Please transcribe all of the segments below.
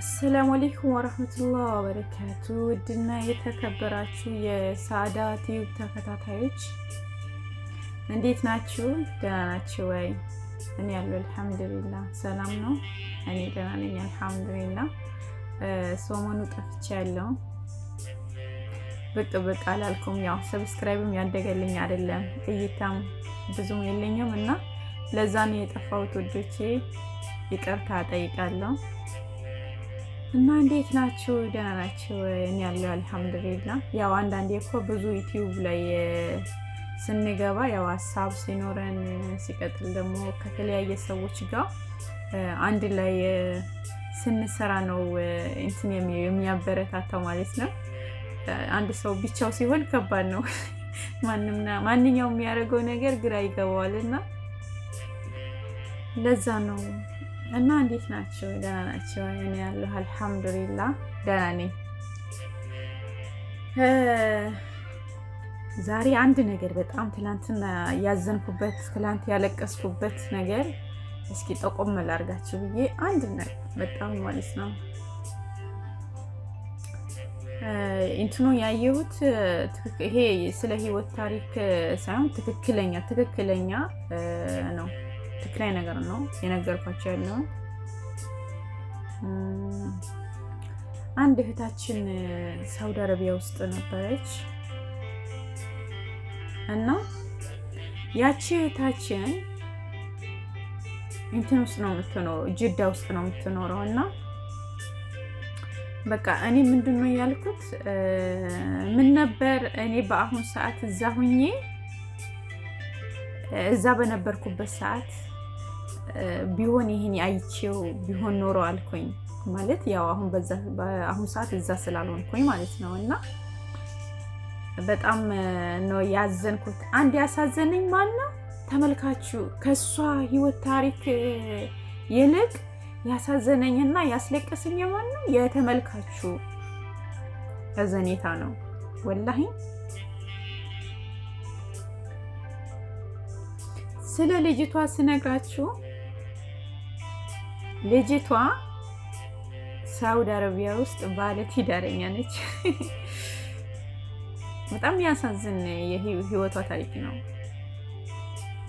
አሰላሙ አሌይኩም ወረህመቱላህ ወበረካቱ ውድና የተከበራችሁ የሳዳ ቲዩብ ተከታታዮች እንዴት ናችሁ? ደህና ናችሁ ወይ? እኔ ያለው አልሐምዱሊላ ሰላም ነው። እኔ ደህና ነኝ አልሐምዱሊላ። ሰሞኑ ጠፍቼ ያለው ብቅ ብቅ አላልኩም። ያው ሰብስክራይብም ያደገልኝ አይደለም እይታም ብዙም የለኝም እና ለዛ ነው የጠፋሁት። ውዶቼ ይቅርታ እና እንዴት ናችሁ? ደህና ናቸው! እኔ ያለው አልሐምዱሊላ። ያው አንዳንዴ እኮ ብዙ ዩቲዩብ ላይ ስንገባ ያው ሀሳብ ሲኖረን ሲቀጥል ደግሞ ከተለያየ ሰዎች ጋር አንድ ላይ ስንሰራ ነው እንትን የሚያበረታታው ማለት ነው። አንድ ሰው ብቻው ሲሆን ከባድ ነው። ማንኛውም የሚያደርገው ነገር ግራ ይገባዋል እና ለዛ ነው እና እንዴት ናቸው? ደህና ናቸው? እኔ ያለሁ አልሐምዱሊላ ደህና ነኝ። ዛሬ አንድ ነገር በጣም ትላንትና ያዘንኩበት ትላንት ያለቀስኩበት ነገር እስኪ ጠቆም ላድርጋችሁ ብዬ አንድ ነገር በጣም ማለት ነው እንትኑ ያየሁት ይሄ ስለ ህይወት ታሪክ ሳይሆን ትክክለኛ ትክክለኛ ነው ትክክለኛ ነገር ነው የነገርኳቸው ያለው አንድ እህታችን ሳውዲ አረቢያ ውስጥ ነበረች እና ያቺ እህታችን እንትን ውስጥ ነው የምትኖረው፣ ጅዳ ውስጥ ነው የምትኖረው። እና በቃ እኔ ምንድን ነው ያልኩት፣ ምን ነበር እኔ በአሁን ሰዓት እዛ ሁኜ እዛ በነበርኩበት ሰዓት ቢሆን ይህን አይቼው ቢሆን ኖሮ አልኩኝ ማለት ያው አሁን በአሁኑ ሰዓት እዛ ስላልሆንኩኝ ማለት ነው። እና በጣም ነው ያዘንኩት። አንድ ያሳዘነኝ ማነው ተመልካቹ ከእሷ ህይወት ታሪክ ይልቅ ያሳዘነኝና ያስለቀሰኝ የማነው የተመልካቹ ሀዘኔታ ነው ወላሂ ስለ ልጅቷ ስነግራችሁ ልጅቷ ሳውዲ አረቢያ ውስጥ ባለ ትዳረኛ ነች። በጣም ያሳዝን የህይወቷ ታሪክ ነው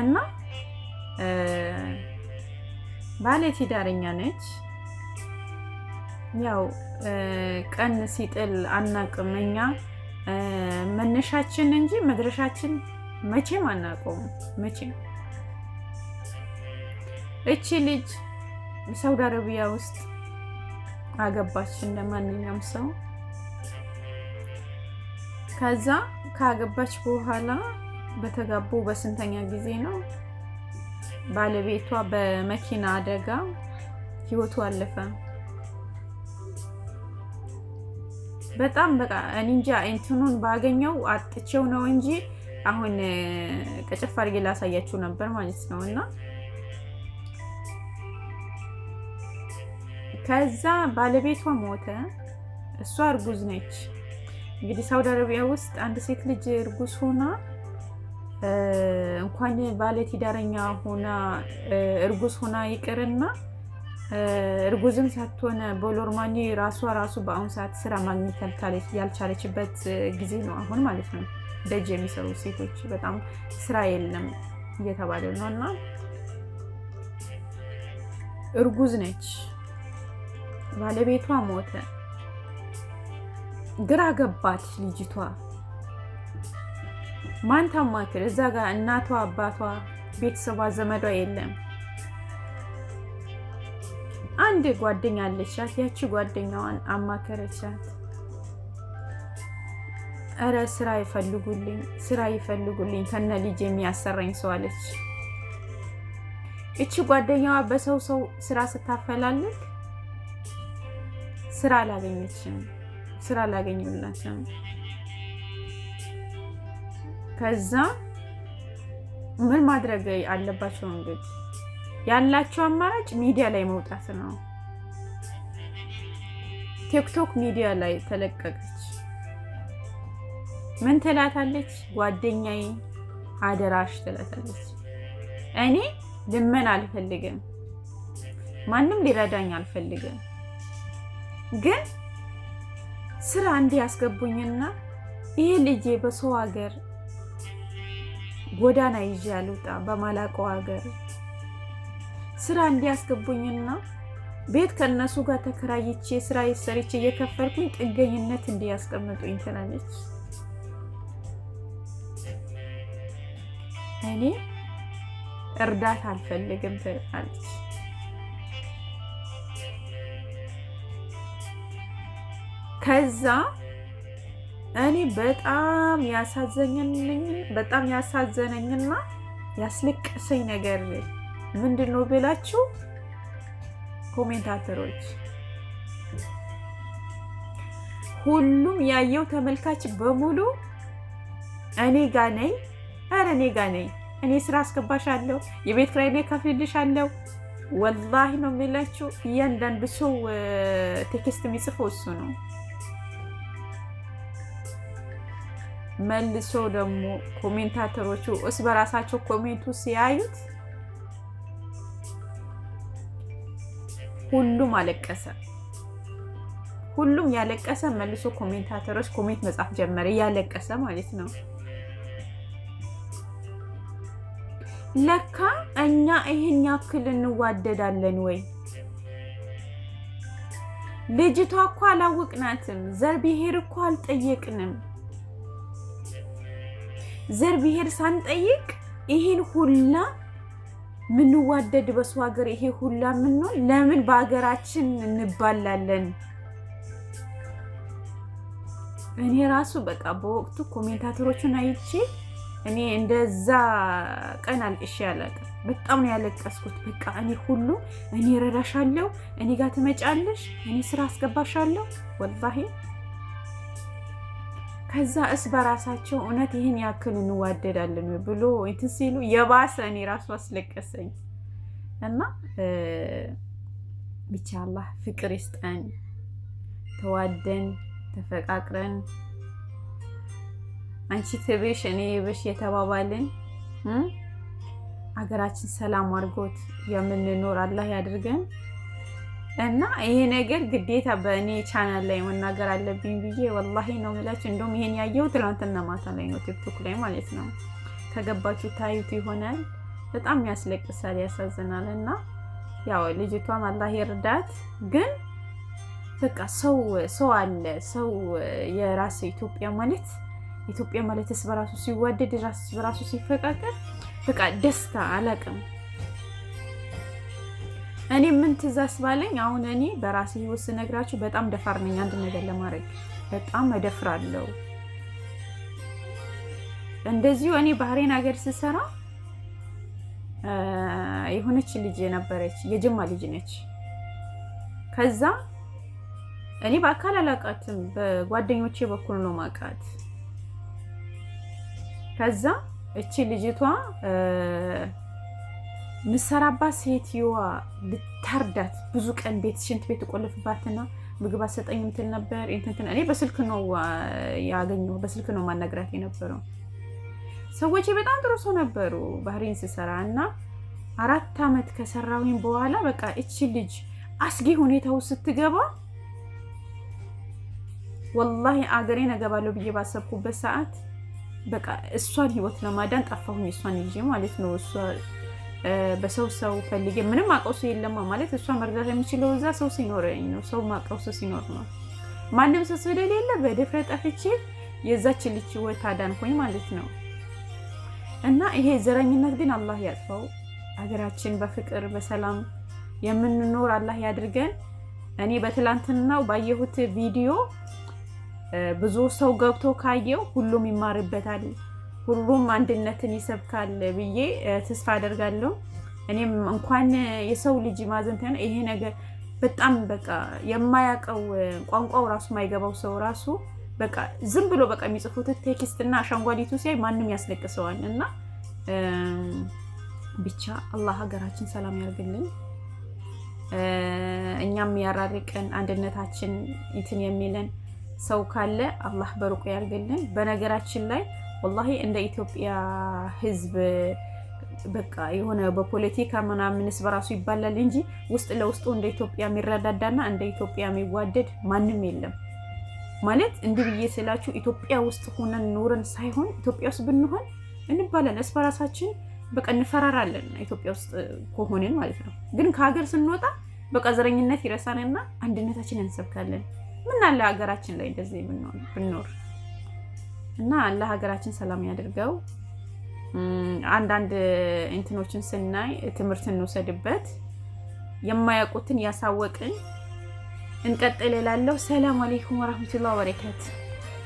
እና ባለ ትዳረኛ ነች። ያው ቀን ሲጥል አናቅም እኛ መነሻችን እንጂ መድረሻችን መቼም አናውቀውም። መቼም እቺ ልጅ ሳውዲ አረቢያ ውስጥ አገባች እንደ ማንኛውም ሰው። ከዛ ካገባች በኋላ በተጋቡ በስንተኛ ጊዜ ነው ባለቤቷ በመኪና አደጋ ህይወቱ አለፈ። በጣም በቃ እንጃ እንትኑን ባገኘው አጥቼው ነው እንጂ አሁን ቅጭፍ አድርጌ ላሳያችሁ ነበር ማለት ነው እና ከዛ ባለቤቷ ሞተ። እሷ እርጉዝ ነች። እንግዲህ ሳውዲ አረቢያ ውስጥ አንድ ሴት ልጅ እርጉዝ ሆና እንኳን ባለትዳረኛ ሆና እርጉዝ ሆና ይቅርና እርጉዝም ሳትሆነ በሎርማኒ ራሷ ራሱ በአሁኑ ሰዓት ስራ ማግኘት ያልቻለችበት ጊዜ ነው አሁን ማለት ነው። ደጅ የሚሰሩ ሴቶች በጣም ስራ የለም እየተባለ ነው እና እርጉዝ ነች ባለቤቷ ሞተ። ግራ ገባት ልጅቷ። ማን ታማክር? እዛ ጋር እናቷ፣ አባቷ፣ ቤተሰቧ፣ ዘመዷ የለም። አንድ ጓደኛ አለቻት። ያቺ ጓደኛዋን አማከረቻት። እረ ስራ ይፈልጉልኝ፣ ስራ ይፈልጉልኝ ከነ ልጅ የሚያሰራኝ ሰው አለች። እቺ ጓደኛዋ በሰው ሰው ስራ ስታፈላልግ ስራ አላገኘችም፣ ስራ አላገኘላትም። ከዛ ምን ማድረግ አለባቸው? እንግዲህ ያላቸው አማራጭ ሚዲያ ላይ መውጣት ነው። ቲክቶክ ሚዲያ ላይ ተለቀቀች። ምን ትላታለች? ጓደኛዬ አደራሽ ትላታለች። እኔ ልመን አልፈልግም፣ ማንም ሊረዳኝ አልፈልግም። ግን ስራ እንዲያስገቡኝና ይሄ ልጄ በሰው ሀገር ጎዳና ይዤ አልውጣ፣ በማላቀው ሀገር ስራ እንዲያስገቡኝና ቤት ከነሱ ጋር ተከራይቼ ስራ ሰርቼ እየከፈልኩኝ ጥገኝነት እንዲያስቀምጡኝ ትላለች። እኔ እርዳታ አልፈልግም ትላለች። ከዛ እኔ በጣም ያሳዘነኝ በጣም ያሳዘነኝና ያስለቀሰኝ ነገር ምንድን ነው ብላችሁ ኮሜንታተሮች ሁሉም ያየው ተመልካች በሙሉ እኔ ጋ ነኝ፣ ኧረ እኔ ጋ ነኝ፣ እኔ ስራ አስገባሽ አለው የቤት ኪራይ እኔ አለው ወላሂ ነው የሚላችሁ እያንዳንዱ ሰው ቴክስት የሚጽፈው እሱ ነው። መልሶ ደግሞ ኮሜንታተሮቹ እስ በራሳቸው ኮሜንቱ ሲያዩት ሁሉም አለቀሰ። ሁሉም ያለቀሰ መልሶ ኮሜንታተሮች ኮሜንት መጻፍ ጀመረ፣ እያለቀሰ ማለት ነው። ለካ እኛ ይህን ያክል እንዋደዳለን ወይ? ልጅቷ እኮ አላወቅናትም። ዘር ብሔር እኮ አልጠየቅንም። ዘር ብሄር ሳንጠይቅ ይሄን ሁላ ምንዋደድ በሰው ሀገር ይሄ ሁላ ምንሆን ለምን በሀገራችን እንባላለን? እኔ ራሱ በቃ በወቅቱ ኮሜንታተሮቹን አይቼ እኔ እንደዛ ቀን አልቅሼ አላውቅም። በጣም ነው ያለቀስኩት። በቃ እኔ ሁሉ እኔ ረዳሻለሁ፣ እኔ ጋር ትመጫለሽ፣ እኔ ስራ አስገባሻለሁ ወላሂ ከዛ እስ በራሳቸው እውነት ይህን ያክል እንዋደዳለን ብሎ እንትን ሲሉ የባሰ እኔ ራሱ አስለቀሰኝ እና ብቻ አላህ ፍቅር ይስጠን። ተዋደን ተፈቃቅረን አንቺ ትብሽ እኔ ብሽ የተባባልን አገራችን ሰላም አድርጎት የምንኖር አላህ ያድርገን። እና ይሄ ነገር ግዴታ በእኔ ቻናል ላይ መናገር አለብኝ ብዬ ወላሂ ነው የምላችሁ። እንደውም ይሄን ያየው ትናንትና ማታ ላይ ነው ቲክቶክ ላይ ማለት ነው። ከገባችሁ ታዩት ይሆናል። በጣም ያስለቅሳል፣ ያሳዝናል። እና ያው ልጅቷም አላህ ይርዳት። ግን በቃ ሰው ሰው አለ ሰው የራስ ኢትዮጵያ ማለት ኢትዮጵያ ማለትስ በራሱ ሲዋደድ ራስ በራሱ ሲፈቃቀር በቃ ደስታ አላቅም እኔ ምን ትዛስ ባለኝ አሁን እኔ በራሴ ህይወት ስነግራችሁ በጣም ደፋር ነኝ። አንድ ነገር ለማድረግ በጣም እደፍራለሁ። እንደዚሁ እኔ ባህሬን ሀገር ስሰራ የሆነች ልጅ የነበረች የጅማ ልጅ ነች። ከዛ እኔ በአካል አላውቃትም፣ በጓደኞቼ በኩል ነው ማውቃት። ከዛ እቺ ልጅቷ ምሰራባት ሴትዮዋ ልታርዳት ብዙ ቀን ቤት ሽንት ቤት ቆልፍባትና ምግብ አሰጠኝ ምትል ነበር። እንትን እኔ በስልክ ነው ያገኘው፣ በስልክ ነው ማናገራት የነበረው። ሰዎች በጣም ጥሩ ሰው ነበሩ። ባህሬን ስሰራ እና አራት ዓመት ከሰራሁኝ በኋላ በቃ እቺ ልጅ አስጊ ሁኔታው ስትገባ ወላሂ አገሬን እገባለሁ ብዬ ባሰብኩበት ሰዓት በቃ እሷን ህይወት ለማዳን ጠፋሁኝ። እሷን ይዤ ማለት ነው እሷ በሰው ሰው ፈልጌ ምንም አቀውሱ የለማ ማለት እሷ መርዳት የሚችለው እዛ ሰው ሲኖረኝ ነው። ሰው ማቀውሱ ሲኖር ነው። ማንም ሰው ስለሌለ በድፍረ ጠፍቼ የዛች ልጅ ህይወት አዳንኩኝ ማለት ነው። እና ይሄ ዘረኝነት ግን አላህ ያጥፈው። ሀገራችን በፍቅር በሰላም የምንኖር አላህ ያድርገን። እኔ በትላንትናው ባየሁት ቪዲዮ ብዙ ሰው ገብቶ ካየው ሁሉም ይማርበታል። ሁሉም አንድነትን ይሰብካል ብዬ ተስፋ አደርጋለሁ። እኔም እንኳን የሰው ልጅ ማዘንት ሆነ ይሄ ነገር በጣም በቃ የማያውቀው ቋንቋው ራሱ የማይገባው ሰው ራሱ በቃ ዝም ብሎ በቃ የሚጽፉት ቴክስት እና አሻንጓሊቱ ሲያይ ማንም ያስለቅሰዋል። እና ብቻ አላህ ሀገራችን ሰላም ያርግልን፣ እኛም ያራርቀን፣ አንድነታችን እንትን የሚለን ሰው ካለ አላህ በሩቁ ያርግልን። በነገራችን ላይ ወላሂ እንደ ኢትዮጵያ ህዝብ በቃ የሆነ በፖለቲካ ምናምንስ በራሱ ይባላል እንጂ ውስጥ ለውስጡ እንደ ኢትዮጵያ የሚረዳዳና እንደ ኢትዮጵያ የሚዋደድ ማንም የለም። ማለት እንዲህ ብዬ ስላችሁ ኢትዮጵያ ውስጥ ሆነን ኖረን ሳይሆን ኢትዮጵያ ውስጥ ብንሆን እንባለን እስ በራሳችን በቃ እንፈራራለን፣ ኢትዮጵያ ውስጥ ከሆንን ማለት ነው። ግን ከሀገር ስንወጣ በቃ ዘረኝነት ይረሳንና አንድነታችን እንሰብካለን። ምናለ ሀገራችን ላይ እንደዚህ ብንኖር እና ለሀገራችን ሰላም ያደርገው። አንዳንድ እንትኖችን ስናይ ትምህርት እንውሰድበት። የማያውቁትን ያሳወቅን እንቀጥል ላለው ሰላም አሌይኩም ወረህመቱላህ ወበረካቱ